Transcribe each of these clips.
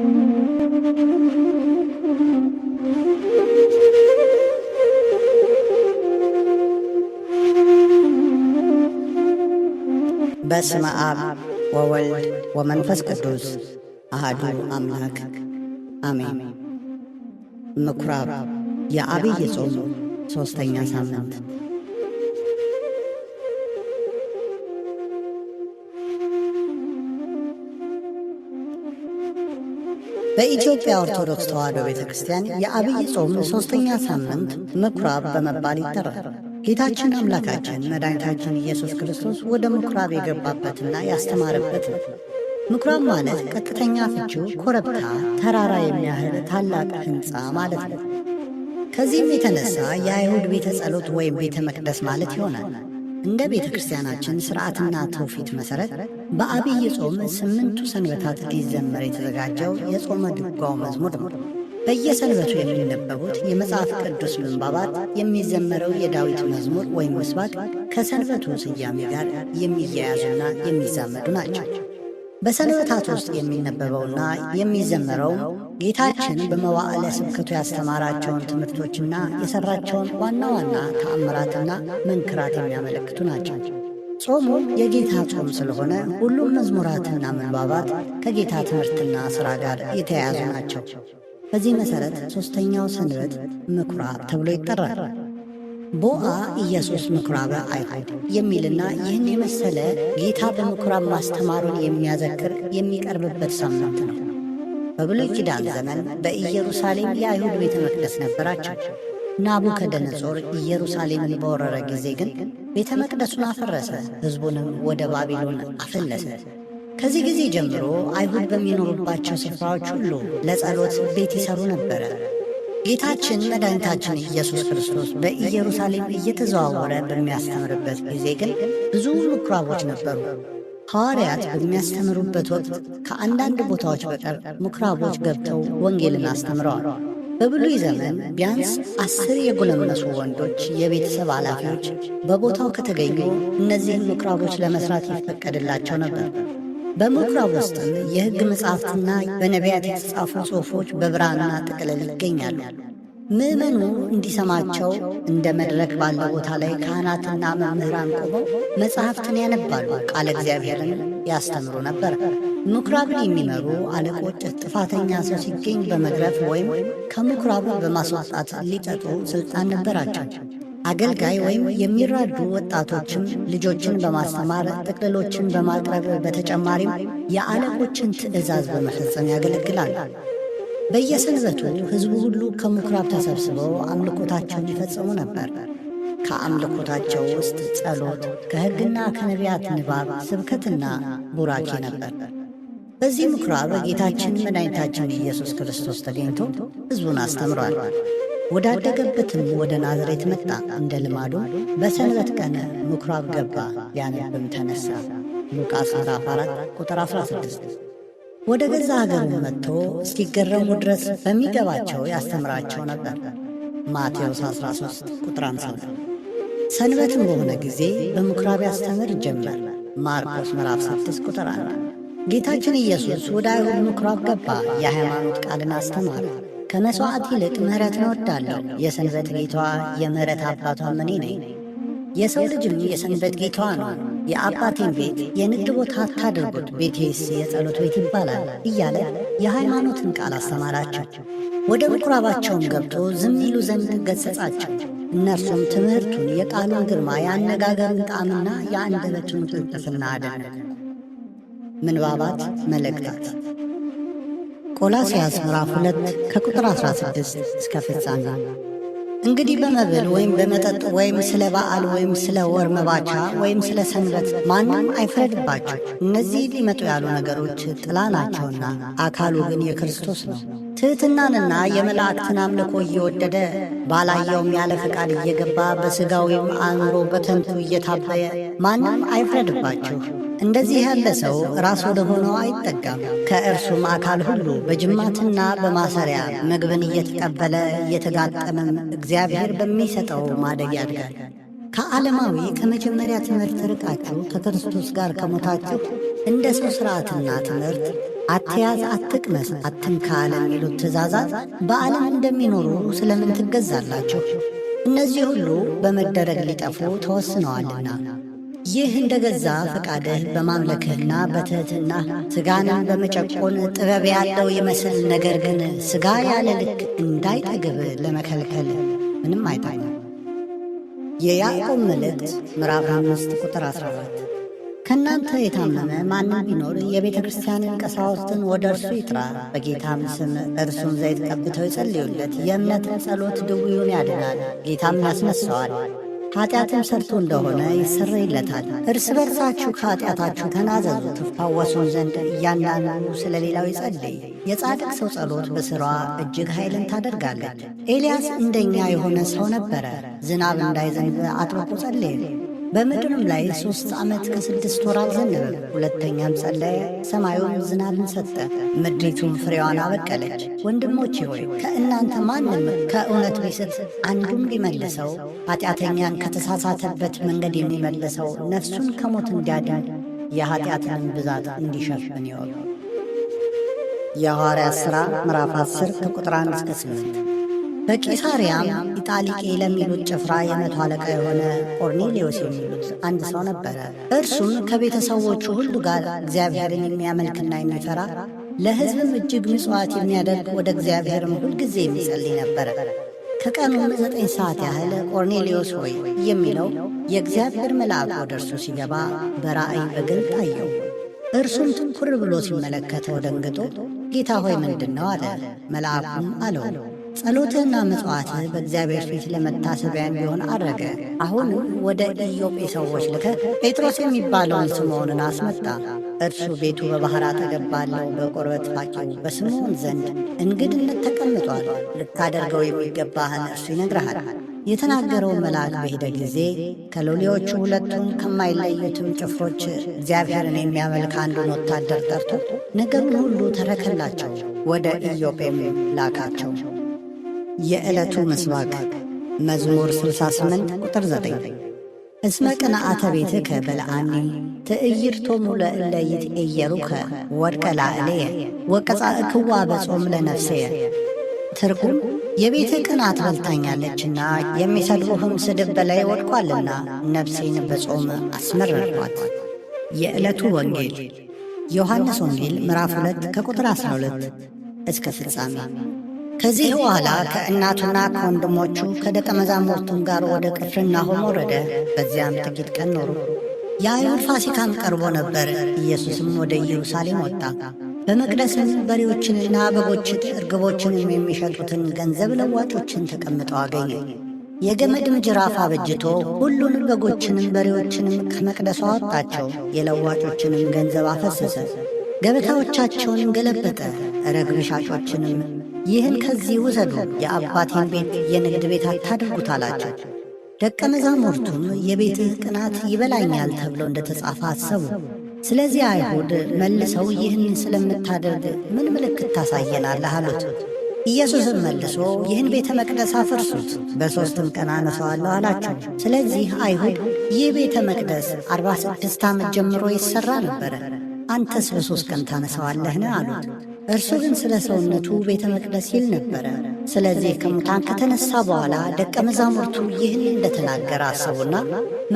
በስመ አብ ወወልድ ወመንፈስ ቅዱስ አህዱ አምላክ አሜን። ምኩራብ የአብይ ጾም ሦስተኛ ሳምንት በኢትዮጵያ ኦርቶዶክስ ተዋሕዶ ቤተ ክርስቲያን የአብይ ጾም ሦስተኛ ሳምንት ምኩራብ በመባል ይጠራል። ጌታችን አምላካችን መድኃኒታችን ኢየሱስ ክርስቶስ ወደ ምኩራብ የገባበትና ያስተማረበት ነው። ምኩራብ ማለት ቀጥተኛ ፍቺው ኮረብታ፣ ተራራ የሚያህል ታላቅ ሕንፃ ማለት ነው። ከዚህም የተነሳ የአይሁድ ቤተ ጸሎት ወይም ቤተ መቅደስ ማለት ይሆናል። እንደ ቤተ ክርስቲያናችን ሥርዓትና ትውፊት መሠረት በአብይ ጾም ስምንቱ ሰንበታት ሊዘመር የተዘጋጀው የጾመ ድጓው መዝሙር ነው። በየሰንበቱ የሚነበቡት የመጽሐፍ ቅዱስ ምንባባት፣ የሚዘመረው የዳዊት መዝሙር ወይም ምስባክ ከሰንበቱ ስያሜ ጋር የሚያያዙና የሚዛመዱ ናቸው። በሰንበታት ውስጥ የሚነበበውና የሚዘመረው ጌታችን በመዋዕለ ስብከቱ ያስተማራቸውን ትምህርቶችና የሠራቸውን ዋና ዋና ተአምራትና መንክራት የሚያመለክቱ ናቸው። ጾሙ የጌታ ጾም ስለሆነ ሁሉም መዝሙራትና ምንባባት ከጌታ ትምህርትና ሥራ ጋር የተያያዙ ናቸው። በዚህ መሠረት ሦስተኛው ሰንበት ምኩራብ ተብሎ ይጠራል። ቦአ ኢየሱስ ምኩራበ አይሁድ የሚልና ይህን የመሰለ ጌታ በምኩራብ ማስተማሩን የሚያዘክር የሚቀርብበት ሳምንት ነው። በብሉይ ኪዳን ዘመን በኢየሩሳሌም የአይሁድ ቤተ መቅደስ ነበራቸው። ናቡከደነጾር ኢየሩሳሌምን በወረረ ጊዜ ግን ቤተ መቅደሱን አፈረሰ፣ ሕዝቡንም ወደ ባቢሎን አፈለሰ። ከዚህ ጊዜ ጀምሮ አይሁድ በሚኖሩባቸው ስፍራዎች ሁሉ ለጸሎት ቤት ይሰሩ ነበረ። ጌታችን መድኃኒታችን ኢየሱስ ክርስቶስ በኢየሩሳሌም እየተዘዋወረ በሚያስተምርበት ጊዜ ግን ብዙ ምኩራቦች ነበሩ። ሐዋርያት በሚያስተምሩበት ወቅት ከአንዳንድ ቦታዎች በቀር ምኩራቦች ገብተው ወንጌልን አስተምረዋል። በብሉይ ዘመን ቢያንስ አስር የጎለመሱ ወንዶች የቤተሰብ ኃላፊዎች በቦታው ከተገኙ እነዚህን ምኩራቦች ለመስራት ይፈቀድላቸው ነበር። በምኩራብ ውስጥም የሕግ መጻሕፍትና በነቢያት የተጻፉ ጽሑፎች በብራና ጥቅልል ይገኛሉ። ምዕመኑ እንዲሰማቸው እንደ መድረክ ባለ ቦታ ላይ ካህናትና መምህራን ቆመው መጽሐፍትን ያነባሉ፣ ቃለ እግዚአብሔርን ያስተምሩ ነበር። ምኩራብን የሚመሩ አለቆች ጥፋተኛ ሰው ሲገኝ በመግረፍ ወይም ከምኩራቡ በማስወጣት ሊቀጡ ሥልጣን ነበራቸው። አገልጋይ ወይም የሚራዱ ወጣቶችም ልጆችን በማስተማር ጥቅልሎችን በማቅረብ በተጨማሪም የአለቆችን ትእዛዝ በመፈጸም ያገለግላል። በየሰንዘቱ ሕዝቡ ሁሉ ከምኩራብ ተሰብስበው አምልኮታቸውን ይፈጽሙ ነበር። ከአምልኮታቸው ውስጥ ጸሎት፣ ከሕግና ከነቢያት ንባብ፣ ስብከትና ቡራኬ ነበር። በዚህ ምኩራብ ጌታችን መድኃኒታችን ኢየሱስ ክርስቶስ ተገኝቶ ሕዝቡን አስተምሯል። ወዳደገበትም ወደ ናዝሬት መጣ። እንደ ልማዱ በሰንበት ቀን ምኩራብ ገባ፣ ሊያነብም ተነሳ። ሉቃስ ምዕራፍ 4 ቁጥር 16 ወደ ገዛ ሀገሩ መጥቶ እስኪገረሙ ድረስ በሚገባቸው ያስተምራቸው ነበር። ማቴዎስ 13 ቁጥር 50። ሰንበትም በሆነ ጊዜ በምኵራብ ያስተምር ጀመር። ማርቆስ ምዕራፍ 6 ቁጥር 1። ጌታችን ኢየሱስ ወደ አይሁድ ምኵራብ ገባ፣ የሃይማኖት ቃልን አስተማረ። ከመሥዋዕት ይልቅ ምሕረትን እወዳለሁ፣ የሰንበት ጌቷ የምሕረት አባቷም እኔ ነኝ የሰው ልጅም የሰንበት ጌታዋ ነው። የአባቴን ቤት የንግድ ቦታ አታድርጉት፣ ቤቴስ የጸሎት ቤት ይባላል እያለ የሃይማኖትን ቃል አስተማራቸው። ወደ ምኩራባቸውም ገብቶ ዝም ይሉ ዘንድ ገሰጻቸው። እነርሱም ትምህርቱን፣ የቃሉን ግርማ፣ የአነጋገርን ጣዕምና የአንደበቱን ቅልጥፍና አደነቁ። ምንባባት መልእክታት ቆላሲያስ ምዕራፍ 2 ከቁጥር 16 እስከ ፍጻሜ እንግዲህ በመብል ወይም በመጠጥ ወይም ስለ በዓል ወይም ስለ ወር መባቻ ወይም ስለ ሰንበት ማንም አይፍረድባችሁ። እነዚህ ሊመጡ ያሉ ነገሮች ጥላ ናቸውና አካሉ ግን የክርስቶስ ነው። ትሕትናንና የመላእክትን አምልኮ እየወደደ ባላየውም ያለ ፈቃድ እየገባ በሥጋዊም አእምሮ በተንቱ እየታበየ ማንም አይፍረድባችሁ። እንደዚህ ያለ ሰው ራስ ወደ ሆነው አይጠጋም። ከእርሱም አካል ሁሉ በጅማትና በማሰሪያ ምግብን እየተቀበለ እየተጋጠመም እግዚአብሔር በሚሰጠው ማደግ ያድጋል። ከዓለማዊ ከመጀመሪያ ትምህርት ርቃችሁ ከክርስቶስ ጋር ከሞታችሁ እንደ ሰው ሥርዓትና ትምህርት አትያዝ፣ አትቅመስ፣ አትንካ ለሚሉት ትእዛዛት በዓለም እንደሚኖሩ ስለምን ትገዛላችሁ? እነዚህ ሁሉ በመደረግ ሊጠፉ ተወስነዋልና። ይህ እንደ ገዛ ፈቃድህ በማምለክህና በትህትና ስጋንን በመጨቆን ጥበብ ያለው ይመስል ነገር ግን ስጋ ያለ ልክ እንዳይጠግብ ለመከልከል ምንም አይታለ። የያዕቆብ መልእክት ምዕራፍ አምስት ቁጥር 14 ከእናንተ የታመመ ማንም ቢኖር የቤተ ክርስቲያንን ቀሳውስትን ወደ እርሱ ይጥራ፣ በጌታም ስም እርሱን ዘይት ቀብተው ይጸልዩለት። የእምነትን ጸሎት ድውዩን ያድናል፣ ጌታም ያስነሣዋል። ኃጢአትም ሰርቶ እንደሆነ ይሰረይለታል። እርስ በርሳችሁ ከኃጢአታችሁ ተናዘዙ ትፋወሱን ዘንድ እያንዳንዱ ስለ ሌላው ይጸልይ። የጻድቅ ሰው ጸሎት በሥራዋ እጅግ ኃይልን ታደርጋለች። ኤልያስ እንደኛ የሆነ ሰው ነበረ። ዝናብ እንዳይዘንብ አጥብቆ ጸለየ። በምድርም ላይ ሦስት ዓመት ከስድስት ወር አዘነበ። ሁለተኛም ጸለየ፣ ሰማዩም ዝናብን ሰጠ፣ ምድሪቱም ፍሬዋን አበቀለች። ወንድሞቼ ሆይ ከእናንተ ማንም ከእውነት ቢስት አንዱም ቢመልሰው ኃጢአተኛን ከተሳሳተበት መንገድ የሚመልሰው ነፍሱን ከሞት እንዲያድን የኃጢአትን ብዛት እንዲሸፍን ይወቅ። የሐዋርያት ሥራ ምዕራፍ 10 ከቁጥር 1 እስከ 8 በቂሳሪያም ኢጣሊቄ ለሚሉት ጭፍራ የመቶ አለቃ የሆነ ቆርኔሌዎስ የሚሉት አንድ ሰው ነበረ። እርሱም ከቤተሰቦቹ ሁሉ ጋር እግዚአብሔርን የሚያመልክና የሚፈራ ለሕዝብም እጅግ ምጽዋት የሚያደርግ ወደ እግዚአብሔርም ሁልጊዜ የሚጸልይ ነበረ። ከቀኑም ዘጠኝ ሰዓት ያህል ቆርኔሌዎስ ሆይ የሚለው የእግዚአብሔር መልአክ ወደ እርሱ ሲገባ በራእይ በግልጥ አየው። እርሱም ትኩር ብሎ ሲመለከተው ደንግጦ ጌታ ሆይ ምንድን ነው አለ። መልአኩም አለው ጸሎትና ምጽዋትህ በእግዚአብሔር ፊት ለመታሰቢያ እንዲሆን አድረገ። አሁንም ወደ ኢዮጴ ሰዎች ልከ ጴጥሮስ የሚባለውን ስምዖንን አስመጣ። እርሱ ቤቱ በባሕር አጠገብ ባለው በቆርበት ፋቂው በስምዖን ዘንድ እንግድነት ተቀምጧል። ልታደርገው የሚገባህን እርሱ ይነግረሃል። የተናገረው መልአክ በሄደ ጊዜ ከሎሌዎቹ ሁለቱን ከማይለዩትም ጭፍሮች እግዚአብሔርን የሚያመልክ አንዱን ወታደር ጠርቶ ነገሩን ሁሉ ተረከላቸው፣ ወደ ኢዮጴም ላካቸው። የዕለቱ ምስባክ መዝሙር 68 ቁጥር 9 እስመ ቅንዓተ ቤትከ በልዓኒ ትዕይርቶሙ ለእለ ይትኤየሩከ ወድቀ ላዕሌየ እክዋ በጾም ለነፍሴየ። ትርጉም የቤት ቅናት በልታኛለችና የሚሰድቡህም ስድብ በላይ ወድቋልና ነፍሴን በጾም አስመረርኳት። የዕለቱ ወንጌል ዮሐንስ ወንጌል ምዕራፍ 2 ከቁጥር 12 እስከ ፍጻሜ ከዚህ በኋላ ከእናቱና ከወንድሞቹ ከደቀ መዛሙርቱም ጋር ወደ ቅፍርናሆም ወረደ። በዚያም ጥቂት ቀን ኖሩ። የአይሁድ ፋሲካም ቀርቦ ነበር። ኢየሱስም ወደ ኢየሩሳሌም ወጣ። በመቅደስም በሬዎችንና በጎችን እርግቦችንም የሚሸጡትን ገንዘብ ለዋጮችን ተቀምጠው አገኘ። የገመድም ጅራፍ አበጅቶ ሁሉን በጎችንም በሬዎችንም ከመቅደሱ አወጣቸው። የለዋጮችንም ገንዘብ አፈሰሰ። ገበታዎቻቸውን ገለበጠ። ረግብ ሻጮችንም ይህን ከዚህ ውሰዱ፣ የአባቴን ቤት የንግድ ቤት አታድርጉት አላቸው። ደቀ መዛሙርቱም የቤትህ ቅናት ይበላኛል ተብሎ እንደ ተጻፈ አሰቡ። ስለዚህ አይሁድ መልሰው ይህን ስለምታደርግ ምን ምልክት ታሳየናለህ አሉት። ኢየሱስም መልሶ ይህን ቤተ መቅደስ አፍርሱት በሦስትም ቀን አነሳዋለሁ አላቸው። ስለዚህ አይሁድ ይህ ቤተ መቅደስ አርባ ስድስት ዓመት ጀምሮ ይሠራ ነበረ፣ አንተስ በሦስት ቀን ታነሳዋለህን? አሉት። እርሱ ግን ስለ ሰውነቱ ቤተ መቅደስ ይል ነበረ። ስለዚህ ከሙታን ከተነሳ በኋላ ደቀ መዛሙርቱ ይህን እንደተናገረ አሰቡና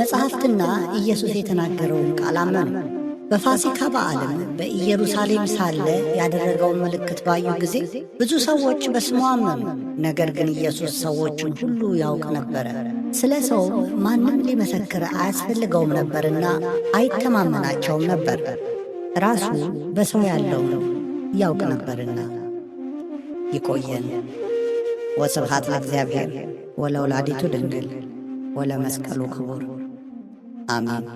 መጽሐፍትና ኢየሱስ የተናገረውን ቃል አመኑ። በፋሲካ በዓልም በኢየሩሳሌም ሳለ ያደረገውን ምልክት ባዩ ጊዜ ብዙ ሰዎች በስሙ አመኑ። ነገር ግን ኢየሱስ ሰዎቹን ሁሉ ያውቅ ነበረ፣ ስለ ሰው ማንም ሊመሰክር አያስፈልገውም ነበርና አይተማመናቸውም ነበር። ራሱ በሰው ያለው ነው ያውቅ ነበርና። ይቆየን። ወስብሐት ለእግዚአብሔር ወለወላዲቱ ድንግል ወለመስቀሉ ክቡር አሜን።